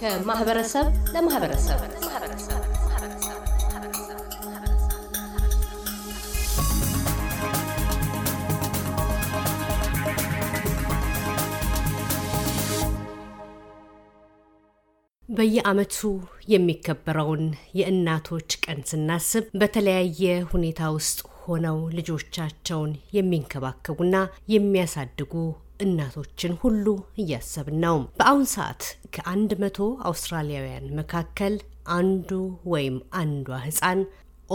ከማህበረሰብ ለማህበረሰብ በየአመቱ የሚከበረውን የእናቶች ቀን ስናስብ በተለያየ ሁኔታ ውስጥ ሆነው ልጆቻቸውን የሚንከባከቡና የሚያሳድጉ እናቶችን ሁሉ እያሰብን ነው። በአሁን ሰዓት ከአንድ መቶ አውስትራሊያውያን መካከል አንዱ ወይም አንዷ ህፃን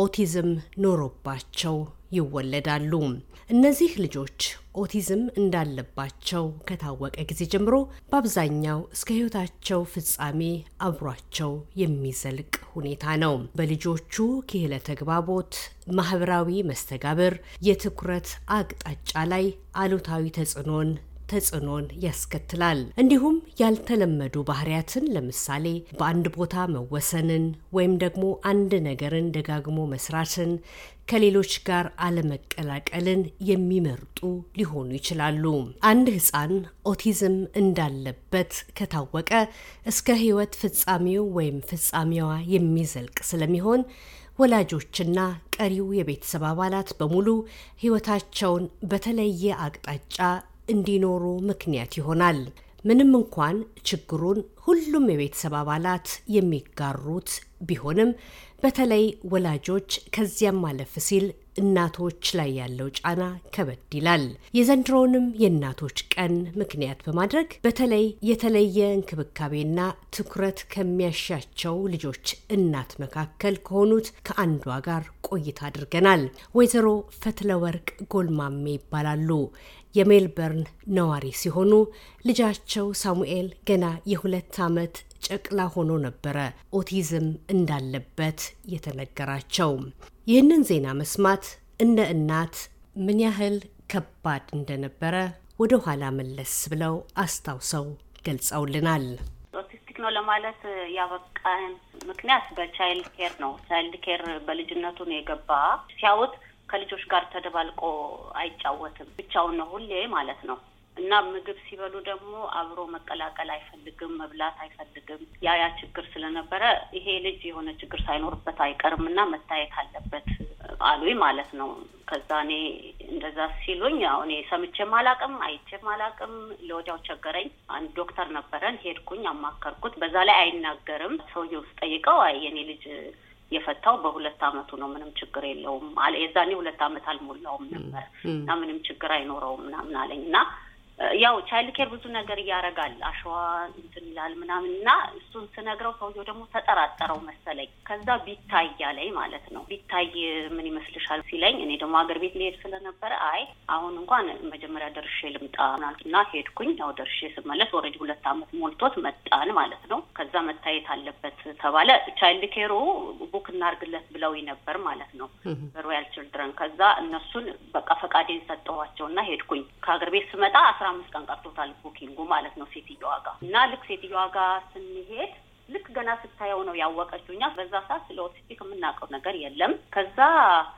ኦቲዝም ኖሮባቸው ይወለዳሉ። እነዚህ ልጆች ኦቲዝም እንዳለባቸው ከታወቀ ጊዜ ጀምሮ በአብዛኛው እስከ ሕይወታቸው ፍጻሜ አብሯቸው የሚዘልቅ ሁኔታ ነው። በልጆቹ ክህለ ተግባቦት፣ ማህበራዊ መስተጋብር፣ የትኩረት አቅጣጫ ላይ አሉታዊ ተጽዕኖን ተጽዕኖን ያስከትላል። እንዲሁም ያልተለመዱ ባህሪያትን ለምሳሌ በአንድ ቦታ መወሰንን ወይም ደግሞ አንድ ነገርን ደጋግሞ መስራትን ከሌሎች ጋር አለመቀላቀልን የሚመርጡ ሊሆኑ ይችላሉ። አንድ ሕፃን ኦቲዝም እንዳለበት ከታወቀ እስከ ሕይወት ፍጻሜው ወይም ፍጻሜዋ የሚዘልቅ ስለሚሆን ወላጆችና ቀሪው የቤተሰብ አባላት በሙሉ ሕይወታቸውን በተለየ አቅጣጫ እንዲኖሩ ምክንያት ይሆናል። ምንም እንኳን ችግሩን ሁሉም የቤተሰብ አባላት የሚጋሩት ቢሆንም በተለይ ወላጆች ከዚያም አለፍ ሲል እናቶች ላይ ያለው ጫና ከበድ ይላል። የዘንድሮውንም የእናቶች ቀን ምክንያት በማድረግ በተለይ የተለየ እንክብካቤና ትኩረት ከሚያሻቸው ልጆች እናት መካከል ከሆኑት ከአንዷ ጋር ቆይታ አድርገናል። ወይዘሮ ፈትለወርቅ ጎልማሜ ይባላሉ። የሜልበርን ነዋሪ ሲሆኑ ልጃቸው ሳሙኤል ገና የሁለት ዓመት ጨቅላ ሆኖ ነበረ ኦቲዝም እንዳለበት የተነገራቸው። ይህንን ዜና መስማት እንደ እናት ምን ያህል ከባድ እንደነበረ ወደ ኋላ መለስ ብለው አስታውሰው ገልጸውልናል። ኦቲስቲክ ነው ለማለት ያበቃን ምክንያት በቻይልድ ኬር ነው። ቻይልድ ኬር በልጅነቱ ነው የገባ ሲያውት ከልጆች ጋር ተደባልቆ አይጫወትም። ብቻውን ነው ሁሌ ማለት ነው። እና ምግብ ሲበሉ ደግሞ አብሮ መቀላቀል አይፈልግም፣ መብላት አይፈልግም። ያ ያ ችግር ስለነበረ ይሄ ልጅ የሆነ ችግር ሳይኖርበት አይቀርም እና መታየት አለበት አሉኝ ማለት ነው። ከዛ እኔ እንደዛ ሲሉኝ ያው እኔ ሰምቼም አላቅም አይቼም አላቅም። ለወዲያው ቸገረኝ። አንድ ዶክተር ነበረን፣ ሄድኩኝ፣ አማከርኩት። በዛ ላይ አይናገርም። ሰውዬው ስጠይቀው አይ የኔ ልጅ የፈታው በሁለት አመቱ ነው። ምንም ችግር የለውም አለ። የዛኔ ሁለት አመት አልሞላውም ነበር እና ምንም ችግር አይኖረውም ምናምን አለኝ እና ያው ቻይልድ ኬር ብዙ ነገር እያደረጋል አሸዋ እንትን ይላል ምናምን እና እሱን ስነግረው ሰውየው ደግሞ ተጠራጠረው መሰለኝ። ከዛ ቢታይ ያለኝ ማለት ነው። ቢታይ ምን ይመስልሻል ሲለኝ እኔ ደግሞ ሀገር ቤት ሊሄድ ስለነበረ አይ አሁን እንኳን መጀመሪያ ደርሼ ልምጣ እና ሄድኩኝ። ያው ደርሼ ስመለስ ኦልሬዲ ሁለት አመት ሞልቶት መጣን ማለት ነው። ከዛ መታየት አለበት ተባለ። ቻይልድ ኬሩ ቡክ እናርግለት ብለው ነበር ማለት ነው በሮያል ችልድረን። ከዛ እነሱን በቃ ፈቃዴን ሰጠኋቸው እና ሄድኩኝ ከሀገር ቤት ስመጣ አስራ አምስት ቀን ቀርቶታል ቡኪንጉ ማለት ነው ሴትዮዋ ጋ እና ልክ ሴትዮዋ ጋ ስንሄድ ልክ ገና ስታየው ነው ያወቀችው። እኛ በዛ ሰዓት ስለ ኦቲስቲክ የምናውቀው ነገር የለም። ከዛ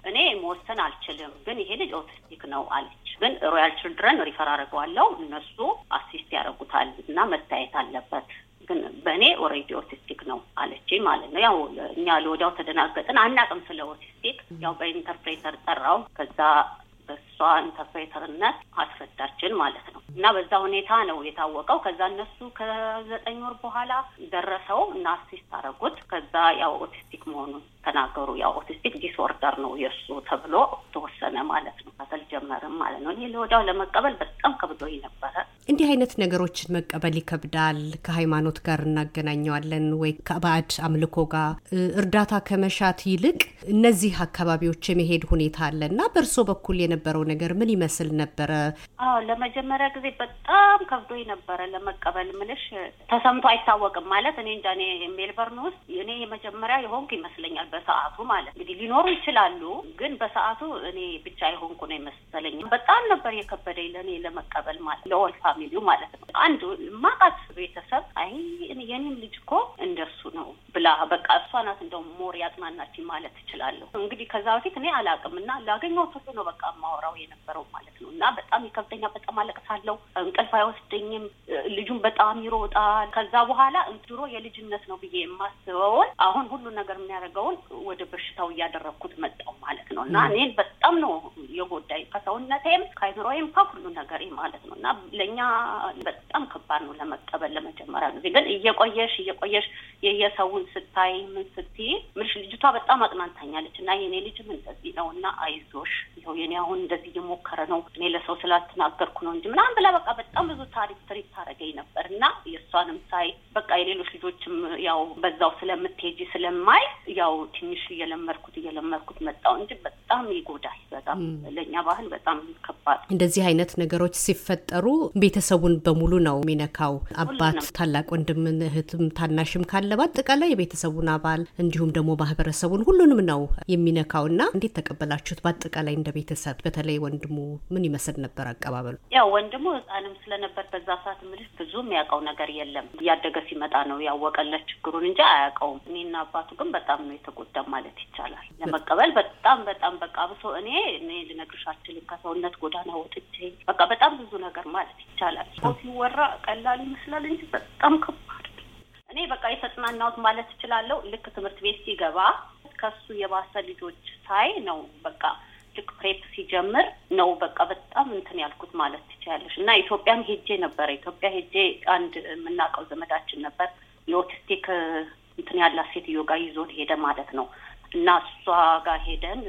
እኔ መወሰን አልችልም፣ ግን ይሄ ልጅ ኦቲስቲክ ነው አለች። ግን ሮያል ችልድረን ሪፈር አድርገዋለሁ፣ እነሱ አሲስት ያደርጉታል እና መታየት አለበት። ግን በእኔ ኦልሬዲ ኦቲስቲክ ነው አለች ማለት ነው። ያው እኛ ለወዲያው ተደናገጥን፣ አናውቅም ስለ ኦቲስቲክ። ያው በኢንተርፕሬተር ጠራው። ከዛ እሷ ኢንተርፕሬተርነት አስፈታችን ማለት ነው። እና በዛ ሁኔታ ነው የታወቀው። ከዛ እነሱ ከዘጠኝ ወር በኋላ ደረሰው እና አሲስት አረጉት። ከዛ ያው ኦቲስቲክ መሆኑን ተናገሩ። ያው ኦቲስቲክ ዲስኦርደር ነው የእሱ ተብሎ ተወሰነ ማለት ነው። መከታተል ጀመርም ማለት ነው። እኔ ለወዲያው ለመቀበል በጣም ከብዶኝ ነበረ። እንዲህ አይነት ነገሮችን መቀበል ይከብዳል። ከሃይማኖት ጋር እናገናኘዋለን ወይ ከባዕድ አምልኮ ጋር እርዳታ ከመሻት ይልቅ እነዚህ አካባቢዎች የመሄድ ሁኔታ አለ እና በእርሶ በኩል የነበረው ነገር ምን ይመስል ነበረ? አዎ ለመጀመሪያ ጊዜ በጣም ከብዶ ነበረ ለመቀበል ምልሽ ተሰምቶ አይታወቅም። ማለት እኔ እንጃ እኔ ሜልበርን ውስጥ እኔ የመጀመሪያ የሆንኩ ይመስለኛል በሰዓቱ ማለት እንግዲህ ሊኖሩ ይችላሉ፣ ግን በሰዓቱ እኔ ብቻ የሆንኩ ነው ይመስለኛል። በጣም ነበር የከበደኝ ለእኔ ለመቀበል ማለት ለወልፋ ፋሚሊው ማለት ነው። አንዱ ማቃት ቤተሰብ አይ የኔም ልጅ እኮ እንደሱ ነው ብላ በቃ እሷ ናት ሞር ያጽናናችኝ ማለት ትችላለሁ። እንግዲህ ከዛ በፊት እኔ አላውቅም እና ላገኘው ሁሉ ነው በቃ ማወራው የነበረው ማለት ነው። እና በጣም ይከብደኛ፣ በጣም አለቅሳለሁ፣ እንቅልፍ አይወስደኝም፣ ልጁን በጣም ይሮጣል። ከዛ በኋላ ድሮ የልጅነት ነው ብዬ የማስበውን አሁን ሁሉ ነገር የሚያደርገውን ወደ በሽታው እያደረግኩት መጣው ማለት ነው እና እኔን በጣም ነው የጎዳኝ ከሰውነቴም ከአይምሮዬም ከሁሉ ነገሬ ማለት ነው እና ለእኛ በጣም ከባድ ነው ለመቀበል ለመጀመሪያ ጊዜ። ግን እየቆየሽ እየቆየሽ የየሰውን ስታይ ምን ስትይ ምልሽ ልጅቷ በጣም አጽናንታኛለች እና የኔ ልጅም እንደዚህ ነው እና አይዞሽ፣ ይኸው የኔ አሁን እንደዚህ እየሞከረ ነው እኔ ለሰው ስላልተናገርኩ ነው እንጂ ምናምን ብላ በቃ በጣም ብዙ ታሪክ ትሪት ታደርገኝ ነበር እና የእሷንም ሳይ በቃ የሌሎች ልጆችም ያው በዛው ስለምትሄጂ ስለማይ ያው ትንሽ እየለመድኩት እየለመድኩት መጣው እንጂ በጣም ይጎዳል። በጣም ለእኛ ባህል በጣም ከባድ። እንደዚህ አይነት ነገሮች ሲፈጠሩ ቤተሰቡን በሙሉ ነው የሚነካው። አባት፣ ታላቅ ወንድምን፣ እህትም፣ ታናሽም ካለ በአጠቃላይ የቤተሰቡን አባል እንዲሁም ደግሞ ማህበረሰቡን ሁሉንም ነው የሚነካው እና እንዴት ተቀበላችሁት? በአጠቃላይ እንደ ቤተሰብ በተለይ ወንድሙ ምን ይመስል ነበር አቀባበሉ? ያው ወንድሙ ህጻንም ስለነበር በዛ ሰዓት ምልስ ብዙ ያውቀው ነገር የለም። እያደገ ሲመጣ ነው ያወቀለት ችግሩን እንጂ አያውቀውም። እኔና አባቱ ግን በጣም ነው የተጎዳ ማለት ይቻላል። ለመቀበል በጣም በጣም በቃ ብሶ እኔ እኔ ልነግርሽ አልችልም። ከሰውነት ጎዳና ወጥቼ በቃ በጣም ብዙ ነገር ማለት ይቻላል። ሰው ሲወራ ቀላል ይመስላል እንጂ በጣም ከባድ። እኔ በቃ የተጽናናሁት ማለት እችላለሁ። ልክ ትምህርት ቤት ሲገባ ከሱ የባሰ ልጆች ሳይ ነው በቃ ልክ ፕሬፕ ሲጀምር ነው በቃ በጣም እንትን ያልኩት ማለት ትችላለሽ። እና ኢትዮጵያም ሄጄ ነበረ። ኢትዮጵያ ሄጄ አንድ የምናውቀው ዘመዳችን ነበር የኦቲስቲክ እንትን ያላት ሴትዮ ጋር ይዞን ሄደ ማለት ነው። እና እሷ ጋር ሄደን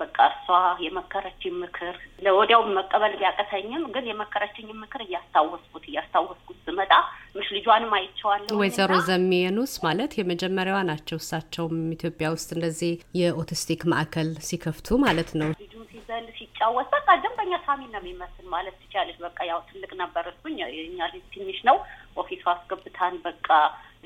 በቃ እሷ የመከረችኝ ምክር ለወዲያውም መቀበል ቢያቀተኝም ግን የመከረችኝ ምክር እያስታወስኩት እያስታወስኩት ስመጣ ምሽ ልጇንም አይቼዋለሁ። ወይዘሮ ዘሚየኑስ ማለት የመጀመሪያዋ ናቸው። እሳቸውም ኢትዮጵያ ውስጥ እንደዚህ የኦቲስቲክ ማዕከል ሲከፍቱ ማለት ነው። ልጁን ሲዘል ሲጫወት በቃ ደንበኛ ሳሚ ነው የሚመስል ማለት ትቻለች። በቃ ያው ትልቅ ነበር እሱኝ፣ የኛ ልጅ ትንሽ ነው። ኦፊሱ አስገብታን በቃ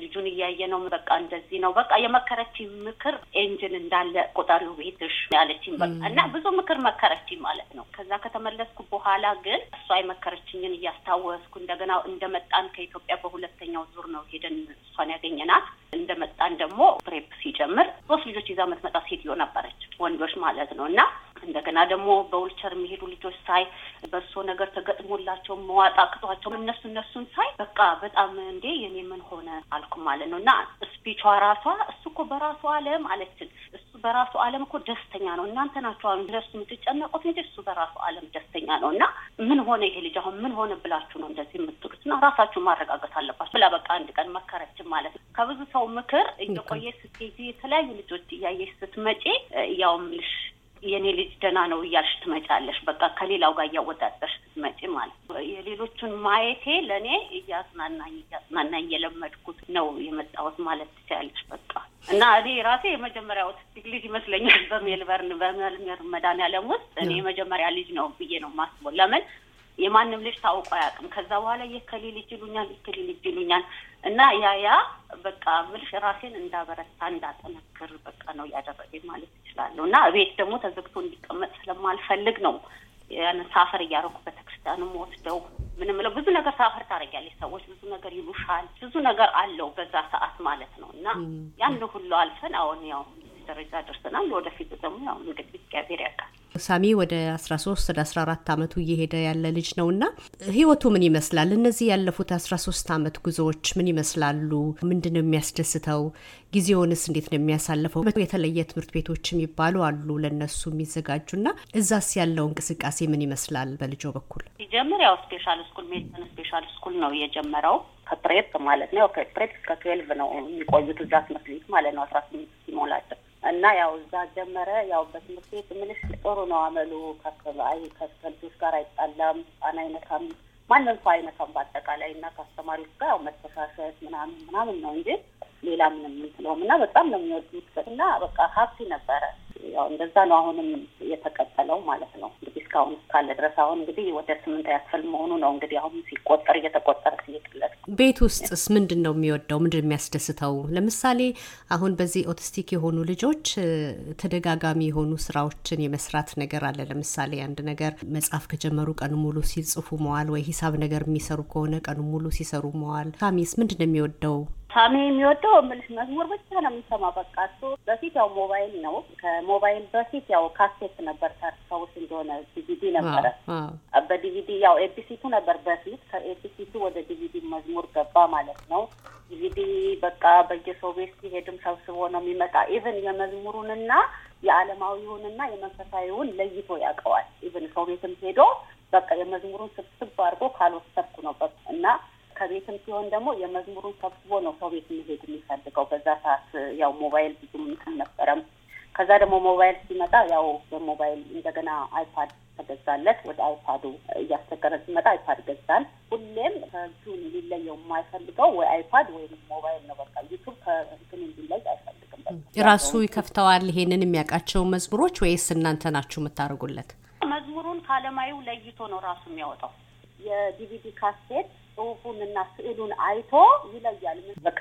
ልጁን እያየ ነው። በቃ እንደዚህ ነው። በቃ የመከረች ምክር ኤንጅን እንዳለ ቆጣሪው ቤትሽ ያለችኝ በቃ እና ብዙ ምክር መከረች ማለት ነው። ከዛ ከተመለስኩ በኋላ ግን እሷ የመከረችኝን እያስታወስኩ እንደገና እንደመጣን ከኢትዮጵያ በሁለተኛው ዙር ነው ሄደን እሷን ያገኘናት። እንደመጣን ደግሞ ፕሬፕ ሲጀምር ሶስት ልጆች ይዛ የምትመጣ ሴትዮ ነበረች፣ ወንዶች ማለት ነው እና እንደገና ደግሞ በውልቸር የሚሄዱ ልጆች ሳይ በእርሶ ነገር ተገጥሞላቸው መዋጣ ቅጧቸው እነሱ እነሱን ሳይ በቃ በጣም እንዴ የኔ ምን ሆነ አልኩ ማለት ነው። እና ስፒቿ ራሷ እሱ እኮ በራሱ ዓለም አለችን። እሱ በራሱ አለም እኮ ደስተኛ ነው። እናንተ ናቸው አሁን ለእሱ የምትጨነቁት እንጂ እሱ በራሱ አለም ደስተኛ ነው። እና ምን ሆነ ይሄ ልጅ አሁን ምን ሆነ ብላችሁ ነው እንደዚህ የምትሉት? እና ራሳችሁ ማረጋገጥ አለባችሁ ብላ በቃ አንድ ቀን መከረችን ማለት ነው። ከብዙ ሰው ምክር እየቆየ ስትሄጂ የተለያዩ ልጆች እያየሽ ስትመጪ ያውም ልሽ የኔ ልጅ ደህና ነው እያልሽ ትመጫለሽ። በቃ ከሌላው ጋር እያወዳደርሽ ትመጪ ማለት የሌሎቹን ማየቴ ለእኔ እያጽናናኝ እያጽናናኝ የለመድኩት ነው የመጣሁት ማለት ትችያለሽ። በቃ እና እኔ ራሴ የመጀመሪያ ኦቲስቲክ ልጅ ይመስለኛል በሜልበርን በመልመር መድኃኒዓለም ውስጥ እኔ የመጀመሪያ ልጅ ነው ብዬ ነው የማስበው። ለምን የማንም ልጅ ታውቆ አያውቅም። ከዛ በኋላ የከሌ ልጅ ይሉኛል፣ የከሌ ልጅ ይሉኛል እና ያ ያ በቃ ምልሽ ራሴን እንዳበረታ እንዳጠነክር በቃ ነው ያደረገኝ ማለት እችላለሁ እና እቤት ደግሞ ተዘግቶ እንዲቀመጥ ስለማልፈልግ ነው ያን ሳፈር እያደረኩ ቤተክርስቲያንም ወስደው ምንም ለው ብዙ ነገር ሳፈር ታደርጊያለሽ። ሰዎች ብዙ ነገር ይሉሻል፣ ብዙ ነገር አለው በዛ ሰዓት ማለት ነው እና ያን ሁሉ አልፈን አሁን ያው ደረጃ ደርሰናል። ወደፊት ደግሞ ያው እንግዲህ እግዚአብሔር ያውቃል። ሳሚ ወደ 13 ወደ 14 ዓመቱ እየሄደ ያለ ልጅ ነውና ህይወቱ ምን ይመስላል? እነዚህ ያለፉት 13 ዓመት ጉዞዎች ምን ይመስላሉ? ምንድን ነው የሚያስደስተው? ጊዜውንስ እንዴት ነው የሚያሳልፈው? የተለየ ትምህርት ቤቶች የሚባሉ አሉ ለነሱ የሚዘጋጁና እዛስ ያለው እንቅስቃሴ ምን ይመስላል? በልጆ በኩል ሲጀምር ያው ስፔሻል ስኩል ሜዲሲን ስፔሻል ስኩል ነው የጀመረው ከፕሬፕ ማለት ነው። ከፕሬፕ እስከ ትዌልቭ ነው የሚቆዩት እዛ ትምህርት ቤት ማለት ነው አስራ ስምንት ሲሞላቸው እና ያው እዛ ጀመረ። ያው በትምህርት ቤት ምንሽ ጥሩ ነው አመሉ። ከልጆች ጋር አይጣላም፣ ጣን አይነካም፣ ማንም ሰው አይነካም በአጠቃላይ እና ከአስተማሪዎች ጋር ያው መተሻሸት ምናምን ምናምን ነው እንጂ ሌላ ምንም ምንትለውም እና በጣም ነው የሚወዱት እና በቃ ሀብቲ ነበረ። ያው እንደዛ ነው አሁንም የተቀጠለው ማለት ነው እንግዲህ እስካሁን እስካለ ድረስ አሁን እንግዲህ ወደ ስምንት ያክፍል መሆኑ ነው እንግዲህ አሁን ሲቆጠር እየተቆጠረ ሲሄድለት ቤት ውስጥስ ምንድን ነው የሚወደው? ምንድን የሚያስደስተው? ለምሳሌ አሁን በዚህ ኦቲስቲክ የሆኑ ልጆች ተደጋጋሚ የሆኑ ስራዎችን የመስራት ነገር አለ። ለምሳሌ አንድ ነገር መጽሐፍ ከጀመሩ ቀኑ ሙሉ ሲጽፉ መዋል፣ ወይ ሂሳብ ነገር የሚሰሩ ከሆነ ቀኑ ሙሉ ሲሰሩ መዋል። ሳሚስ ምንድን ነው የሚወደው? ሳሚ የሚወደው ምልሽ መዝሙር ብቻ ነው የሚሰማ። በቃ እሱ በፊት ያው ሞባይል ነው። ከሞባይል በፊት ያው ካሴት ነበር፣ ታስታውስ እንደሆነ ዲቪዲ ነበረ። በዲቪዲ ያው ኤቢሲቱ ነበር በፊት። ከኤቢሲቱ ወደ ዲቪዲ መዝ መዝሙር ገባ ማለት ነው። እንግዲህ በቃ በየሰው ቤት ሲሄድም ሰብስቦ ነው የሚመጣ። ኢቨን የመዝሙሩንና የዓለማዊውንና የመንፈሳዊውን ለይቶ ያውቀዋል። ኢቨን ሰው ቤትም ሄዶ በቃ የመዝሙሩን ስብስብ አድርጎ ካልወሰድኩ ነው እና ከቤትም ሲሆን ደግሞ የመዝሙሩን ሰብስቦ ነው ሰው ቤት መሄድ የሚፈልገው። በዛ ሰዓት ያው ሞባይል ብዙም አልነበረም። ከዛ ደግሞ ሞባይል ሲመጣ ያው በሞባይል እንደገና አይፓድ ተገዛለት። ወደ አይፓዱ እያስቸገረ ሲመጣ አይፓድ ገዛል። ከእንትኑ ሊለየው የማይፈልገው ወይ አይፓድ ወይም ሞባይል ነው። በቃ ዩቱብ ከእንትን እንዲለይ አይፈልግም። ራሱ ይከፍተዋል። ይሄንን የሚያውቃቸው መዝሙሮች ወይስ እናንተ ናችሁ የምታደርጉለት? መዝሙሩን ከአለማዩ ለይቶ ነው ራሱ የሚያወጣው። የዲቪዲ ካሴት ጽሁፉን እና ስዕሉን አይቶ ይለያል። በቃ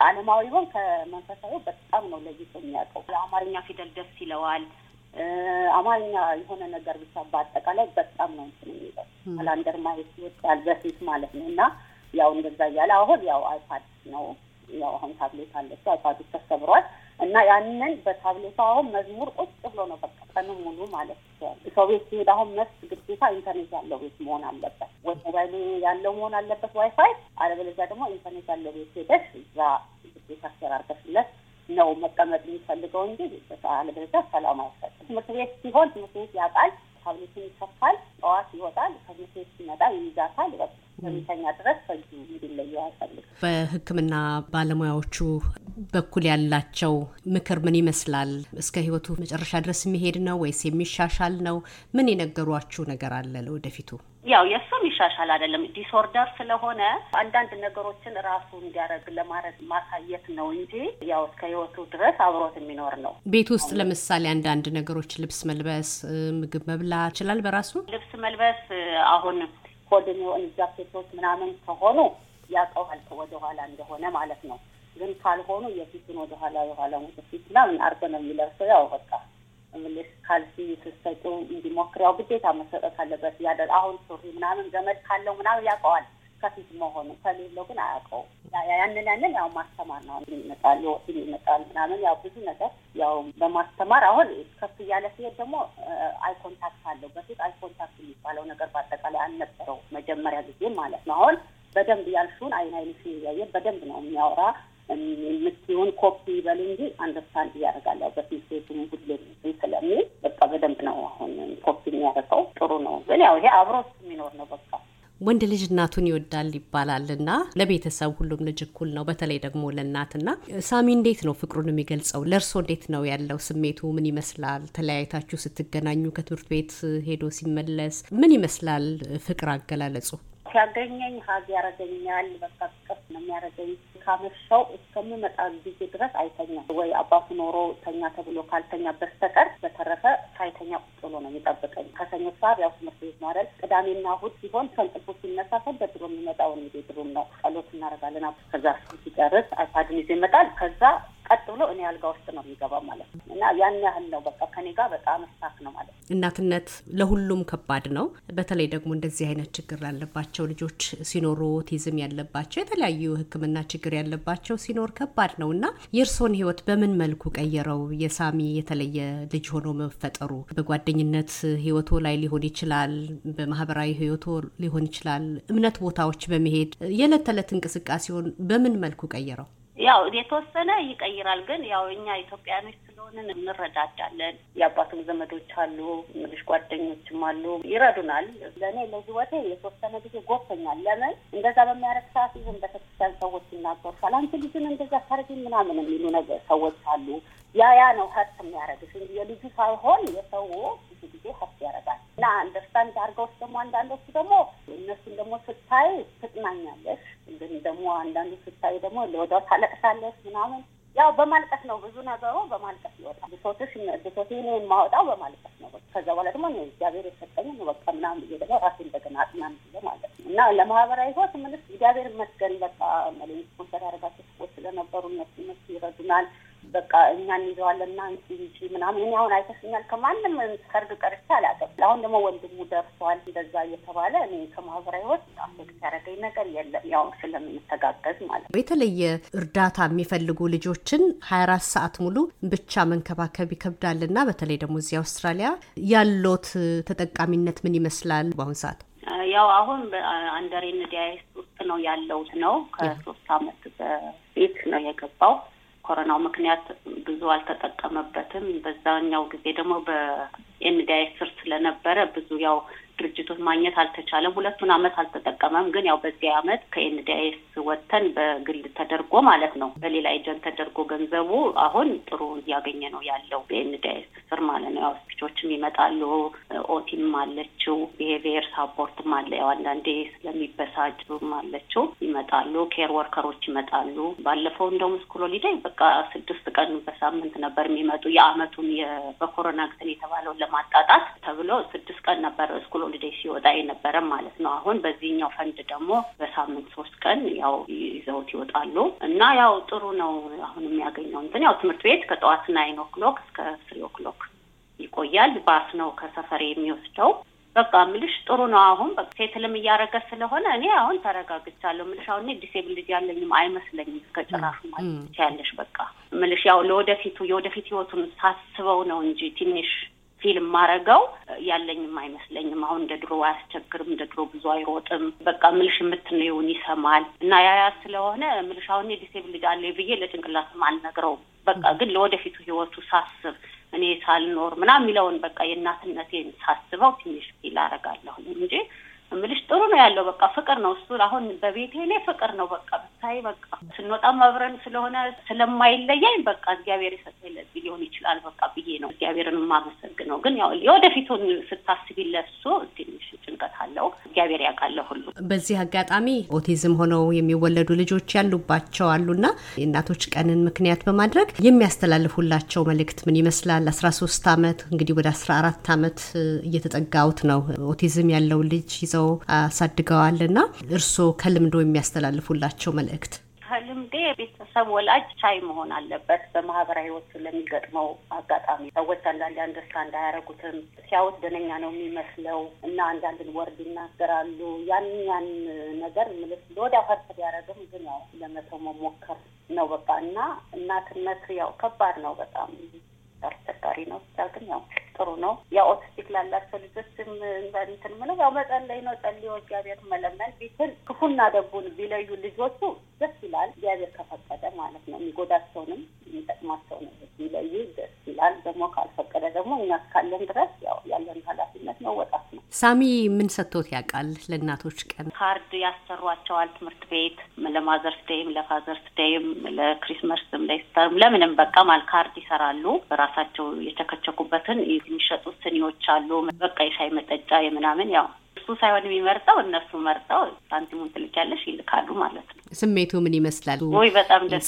ሆን ከመንፈሳዊ በጣም ነው ለይቶ የሚያውቀው። የአማርኛ ፊደል ደስ ይለዋል። አማርኛ የሆነ ነገር ብቻ በአጠቃላይ በጣም ነው እንትን የሚለው ካላንደር ማየት ይወዳል በፊት ማለት ነው እና ያው እንደዛ እያለ አሁን ያው አይፓድ ነው ያው አሁን ታብሌት አለ አለች አይፓዱ ተሰብሯል እና ያንን በታብሌቱ አሁን መዝሙር ቁጭ ብሎ ነው በቃ ቀኑን ሙሉ ማለት ይችላል። ሰው ቤት ሲሄድ አሁን መስ ግዴታ ኢንተርኔት ያለው ቤት መሆን አለበት፣ ወይ ሞባይሉ ያለው መሆን አለበት ዋይፋይ፣ አለበለዚያ ደግሞ ኢንተርኔት ያለው ቤት ሄደሽ እዛ ግዴታ አሸራርገሽለት ነው መቀመጥ የሚፈልገው እንጂ አለበለዚያ ሰላም አይሰጥ። ትምህርት ቤት ሲሆን ትምህርት ቤት ያውቃል፣ ታብሌቱን ይከፍታል፣ ጠዋት ይወጣል፣ ከትምህርት ቤት ሲመጣ ይይዛታል በቃ እስከሚተኛ ድረስ ከዚሁ እንዲለዩ አልፈልግም። በሕክምና ባለሙያዎቹ በኩል ያላቸው ምክር ምን ይመስላል? እስከ ህይወቱ መጨረሻ ድረስ የሚሄድ ነው ወይስ የሚሻሻል ነው? ምን የነገሯችሁ ነገር አለ ለወደፊቱ? ያው የእሱም ይሻሻል አይደለም ዲስኦርደር ስለሆነ አንዳንድ ነገሮችን ራሱ እንዲያደርግ ለማድረግ ማሳየት ነው እንጂ ያው እስከ ህይወቱ ድረስ አብሮት የሚኖር ነው። ቤት ውስጥ ለምሳሌ አንዳንድ ነገሮች ልብስ መልበስ፣ ምግብ መብላ ይችላል በራሱ ልብስ መልበስ አሁን ኮድን እዛ ሴቶች ምናምን ከሆኑ ያውቀዋል ወደኋላ እንደሆነ ማለት ነው። ግን ካልሆኑ የፊቱን ወደኋላ የኋላ ፊት ምናምን ነው የሚለብሰው ያው በቃ ምልስ ካልሲ ስሰጡ እንዲሞክር ያው ግዴታ መሰጠት አለበት። ያደል አሁን ሱሪ ምናምን ገመድ ካለው ምናምን ያውቀዋል ከፊት መሆኑ ከሌለው ግን አያውቀው። ያንን ያንን ያው ማስተማር ነው። ይመጣል ወኪል ይመጣል ምናምን ያው ብዙ ነገር ያው በማስተማር አሁን ከፍ እያለ ሲሄድ ደግሞ አይ ኮንታክት አለው። በፊት አይ ኮንታክት የሚባለው ነገር በአጠቃላይ አልነበረው መጀመሪያ ጊዜ ማለት ነው። አሁን በደንብ ያልሽውን አይን አይንሽን እያየ በደንብ ነው የሚያወራ የምትሆን ኮፒ ይበል እንጂ አንደርስታንድ እያደረጋለሁ በፊት ቤቱን ሁሌ ስለሚል በቃ በደንብ ነው አሁን ኮፒ የሚያደርገው ጥሩ ነው። ግን ያው ይሄ አብሮ የሚኖር ነው በቃ ወንድ ልጅ እናቱን ይወዳል ይባላልና ለቤተሰብ ሁሉም ልጅ እኩል ነው። በተለይ ደግሞ ለእናትና ሳሚ እንዴት ነው ፍቅሩን የሚገልጸው? ለእርሶ እንዴት ነው ያለው ስሜቱ? ምን ይመስላል? ተለያይታችሁ ስትገናኙ ከትምህርት ቤት ሄዶ ሲመለስ ምን ይመስላል ፍቅር አገላለጹ? ሲያገኘኝ ሀግ ያረገኛል። በቃ ነው የሚያረገኝ ካመሻው እስከምመጣ ጊዜ ድረስ አይተኛም። ወይ አባቱ ኖሮ ተኛ ተብሎ ካልተኛ በስተቀር በተረፈ ሳይተኛ ቁጭ ብሎ ነው የሚጠብቀኝ። ከሰኞ ሰዓት ያው ትምህርት ቤት ማረል ቅዳሜና እሑድ ሲሆን ከእንቅልፉ ሲነሳ በድሮ የሚመጣውን ጊዜ ድሩን ነው ጸሎት እናደርጋለን። ከዛ ሲጨርስ አይፓድን ይዞ ይመጣል። ከዛ ቀጥ ብሎ እኔ አልጋ ውስጥ ነው የሚገባው ማለት ነው። እና ያን ያህል ነው በቃ ከኔ ጋር በጣም ስታክ ነው ማለት ነው። እናትነት ለሁሉም ከባድ ነው። በተለይ ደግሞ እንደዚህ አይነት ችግር ላለባቸው ልጆች ሲኖሩ፣ ኦቲዝም ያለባቸው የተለያዩ ሕክምና ችግር ያለባቸው ሲኖር ከባድ ነው እና የእርስዎን ህይወት በምን መልኩ ቀየረው? የሳሚ የተለየ ልጅ ሆኖ መፈጠሩ በጓደኝነት ህይወቱ ላይ ሊሆን ይችላል፣ በማህበራዊ ህይወቶ ሊሆን ይችላል፣ እምነት ቦታዎች በመሄድ የዕለት ተዕለት እንቅስቃሴውን በምን መልኩ ቀየረው? ያው የተወሰነ ይቀይራል። ግን ያው እኛ ኢትዮጵያኖች ስለሆንን እንረዳዳለን። የአባቱም ዘመዶች አሉ፣ ምልሽ ጓደኞችም አሉ፣ ይረዱናል። ለእኔ ለህይወቴ የተወሰነ ጊዜ ጎብተኛል። ለምን እንደዛ በሚያደርግ ሰዓት ይህን በተክርስቲያን ሰዎች ይናገሩታል። አንቺ ልጅን እንደዛ ታርጊ ምናምን የሚሉ ነገር ሰዎች አሉ። ያ ያ ነው ሀርት የሚያደርግሽ እንጂ የልጁ ሳይሆን የሰው ብዙ ጊዜ ሀርት ያደርጋል። እና አንደርስታንድ አድርገውሽ ደግሞ አንዳንዶቹ ደግሞ እነሱን ደግሞ ስታይ ትጥናኛለሽ፣ ግን ደግሞ አንዳንዱ ስታይ ደግሞ ለወዳው ታለቅሳለሽ ምናምን ያው በማልቀስ ነው ብዙ ነገሩ በማልቀስ ይወጣል። ብሶትሽ ብሶት የማወጣው በማልቀስ ነው። ከዛ በኋላ ደግሞ እግዚአብሔር የሰጠኝ በቃ ምናምን ብዬ ደግሞ ራሴ እንደገና አጥናን ማለት ነው። እና ለማህበራዊ ህይወት ምንስ እግዚአብሔር ይመስገን በቃ መሌ ስፖንሰር ያደረጋቸው ሰዎች ስለነበሩ እነሱ እነሱ ይረዱናል። በቃ እኛ እንይዘዋለን ና እንጂ ምናምን እኔ አሁን አይተሽኛል ከማንም ሰርግ ቀርቼ አላውቅም። አሁን ደግሞ ወንድሙ ደርሷል እንደዛ እየተባለ እኔ ከማህበራዊ ህይወት አፌክት ያደረገኝ ነገር የለም። ያው ስለምንተጋገዝ ማለት ነው። የተለየ እርዳታ የሚፈልጉ ልጆችን ሀያ አራት ሰዓት ሙሉ ብቻ መንከባከብ ይከብዳል ና በተለይ ደግሞ እዚህ አውስትራሊያ ያሎት ተጠቃሚነት ምን ይመስላል በአሁን ሰዓት? ያው አሁን አንደሬን ዲያስ ውስጥ ነው ያለውት ነው ከሶስት አመት በፊት ነው የገባው ኮሮናው ምክንያት ብዙ አልተጠቀመበትም። በዛኛው ጊዜ ደግሞ በኤንዲአይ ስር ስለነበረ ብዙ ያው ድርጅቱን ማግኘት አልተቻለም። ሁለቱን አመት አልተጠቀመም። ግን ያው በዚህ አመት ከኤንዲኤስ ወጥተን በግል ተደርጎ ማለት ነው በሌላ ኤጀንት ተደርጎ ገንዘቡ አሁን ጥሩ እያገኘ ነው ያለው በኤንዲኤስ ስር ማለት ነው። ያው ስፒቾችም ይመጣሉ፣ ኦቲም አለችው፣ ቢሄቪየር ሳፖርትም አለ። ያው አንዳንዴ ስለሚበሳጭ አለችው ይመጣሉ፣ ኬር ወርከሮች ይመጣሉ። ባለፈው እንደውም ስኩል ሆሊዴይ በቃ ስድስት ቀን በሳምንት ነበር የሚመጡ የአመቱን በኮሮና እንትን የተባለውን ለማጣጣት ተብሎ ስድስት ቀን ነበር ስኩል ሆሊዴይ ሲወጣ የነበረም ማለት ነው። አሁን በዚህኛው ፈንድ ደግሞ በሳምንት ሶስት ቀን ያው ይዘውት ይወጣሉ እና ያው ጥሩ ነው። አሁን የሚያገኘው እንትን ያው ትምህርት ቤት ከጠዋት ናይን ኦክሎክ እስከ ስሪ ኦክሎክ ይቆያል። ባስ ነው ከሰፈር የሚወስደው። በቃ ምልሽ ጥሩ ነው። አሁን ሴትልም እያደረገ ስለሆነ እኔ አሁን ተረጋግቻለሁ። ምልሽ አሁን ዲሴብልድ ያለኝም አይመስለኝም እስከ ጭራሹ ማለት ያለሽ በቃ ምልሽ ያው ለወደፊቱ የወደፊት ህይወቱን ሳስበው ነው እንጂ ትንሽ ፊልም ማረገው ያለኝም አይመስለኝም። አሁን እንደ ድሮ አያስቸግርም፣ እንደ ድሮ ብዙ አይሮጥም። በቃ ምልሽ የምትንየውን ይሰማል እና ያያ ስለሆነ ምልሽ አሁን የዲሴብል ልጅ አለ ብዬ ለጭንቅላትም አልነግረውም። በቃ ግን ለወደፊቱ ህይወቱ ሳስብ እኔ ሳልኖር ምናምን የሚለውን በቃ የእናትነቴን ሳስበው ትንሽ ፊል አረጋለሁ እንጂ ምልሽ ጥሩ ነው ያለው። በቃ ፍቅር ነው እሱ አሁን በቤቴ ላይ ፍቅር ነው በቃ ሳይ በቃ ስንወጣም አብረን ስለሆነ ስለማይለያኝ በቃ እግዚአብሔር የሰጠኝ ለዚህ ሊሆን ይችላል በቃ ብዬ ነው እግዚአብሔርን የማመሰግነው። ግን ያው የወደፊቱን ስታስቢ ለሱ ትንሽ ጭንቀት አለው። እግዚአብሔር ያውቃል ሁሉ። በዚህ አጋጣሚ ኦቲዝም ሆነው የሚወለዱ ልጆች ያሉባቸው አሉና የእናቶች ቀንን ምክንያት በማድረግ የሚያስተላልፉላቸው መልእክት ምን ይመስላል? አስራ ሶስት አመት እንግዲህ ወደ አስራ አራት አመት እየተጠጋውት ነው ኦቲዝም ያለው ልጅ ይዘው አሳድገዋል እና እርስዎ ከልምዶ የሚያስተላልፉላቸው መልእክት መልእክት? ህልምዴ ቤተሰብ ወላጅ ቻይ መሆን አለበት። በማህበራዊ ህይወቱ ለሚገጥመው አጋጣሚ ሰዎች አንዳንድ አንደርስታንድ አያደርጉትም። ሲያዩት ደነኛ ነው የሚመስለው እና አንዳንድን ወርድ ይናገራሉ። ያን ያን ነገር ምልስ ለወደ ፈርስ ቢያደርግም ግን ያው ለመተው መሞከር ነው በቃ እና እናትነት ያው ከባድ ነው በጣም አስቸጋሪ ነው ብቻ ግን ያው ጥሩ ነው። ያው ኦቲስቲክ ላላቸው ልጆችም እንትን ምለው ያው መጠን ላይ ነው። ጸልዮ እግዚአብሔር መለመን ቢችል ክፉና ደጉን ቢለዩ ልጆቹ ደስ ይላል። እግዚአብሔር ከፈቀደ ማለት ነው። የሚጎዳቸውንም የሚጠቅማቸውን ቢለዩ ደስ ይላል። ደግሞ ካልፈቀደ ደግሞ እኛ እስካለን ድረስ ያው ያለን ኃላፊነት መወጣት ነው። ሳሚ ምን ሰጥቶት ያውቃል? ለእናቶች ቀን ካርድ ያሰሯቸዋል ትምህርት ቤት ለማዘርስ ደይም ለፋዘርስ ደይም ለክሪስመስም ለኢስተርም ለምንም በቃ ማል ካርድ ይሰራሉ። ራሳቸው የቸከቸኩበትን የሚሸጡ ስኒዎች አሉ። በቃ የሻይ መጠጫ የምናምን ያው እሱ ሳይሆን የሚመርጠው እነሱ መርጠው ሳንቲሙን ያለሽ ይልካሉ ማለት ነው። ስሜቱ ምን ይመስላል? ወይ በጣም ደስ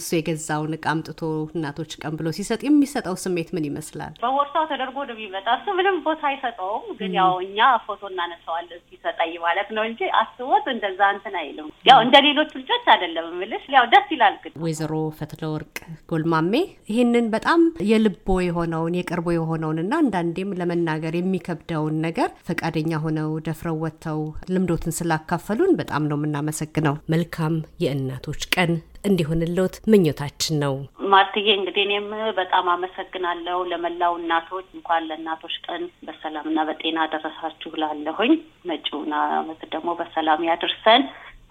እሱ የገዛውን እቃ አምጥቶ እናቶች ቀን ብሎ ሲሰጥ የሚሰጠው ስሜት ምን ይመስላል? በቦርሳው ተደርጎ ነው የሚመጣ። እሱ ምንም ቦታ አይሰጠውም፣ ግን ያው እኛ ፎቶ እናነሳዋለን ሲሰጠኝ ማለት ነው እንጂ አስቦት እንደዛ እንትን አይልም። ያው እንደ ሌሎቹ ልጆች አይደለም ምልሽ፣ ያው ደስ ይላል። ግን ወይዘሮ ፈትለወርቅ ጎልማሜ ይህንን በጣም የልቦ የሆነውን የቅርቦ የሆነውን እና አንዳንዴም ለመናገር የሚከብደውን ነገር ፈቃደኛ ሆነው ደፍረው ወጥተው ልምዶትን ስላካፈሉን በጣም ነው የምናመሰግነው። ነው። መልካም የእናቶች ቀን እንዲሆንልዎት ምኞታችን ነው። ማርትዬ እንግዲህ እኔም በጣም አመሰግናለሁ። ለመላው እናቶች እንኳን ለእናቶች ቀን በሰላምና በጤና ደረሳችሁ ላለሁኝ መጪውን ዓመት ደግሞ በሰላም ያድርሰን።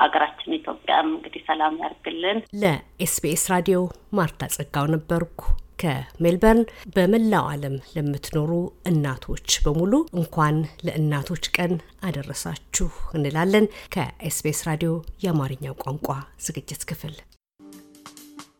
ሀገራችን ኢትዮጵያም እንግዲህ ሰላም ያርግልን። ለኤስቢኤስ ራዲዮ ማርታ ጸጋው ነበርኩ። ከሜልበርን በመላው ዓለም ለምትኖሩ እናቶች በሙሉ እንኳን ለእናቶች ቀን አደረሳችሁ እንላለን። ከኤስቢኤስ ራዲዮ የአማርኛ ቋንቋ ዝግጅት ክፍል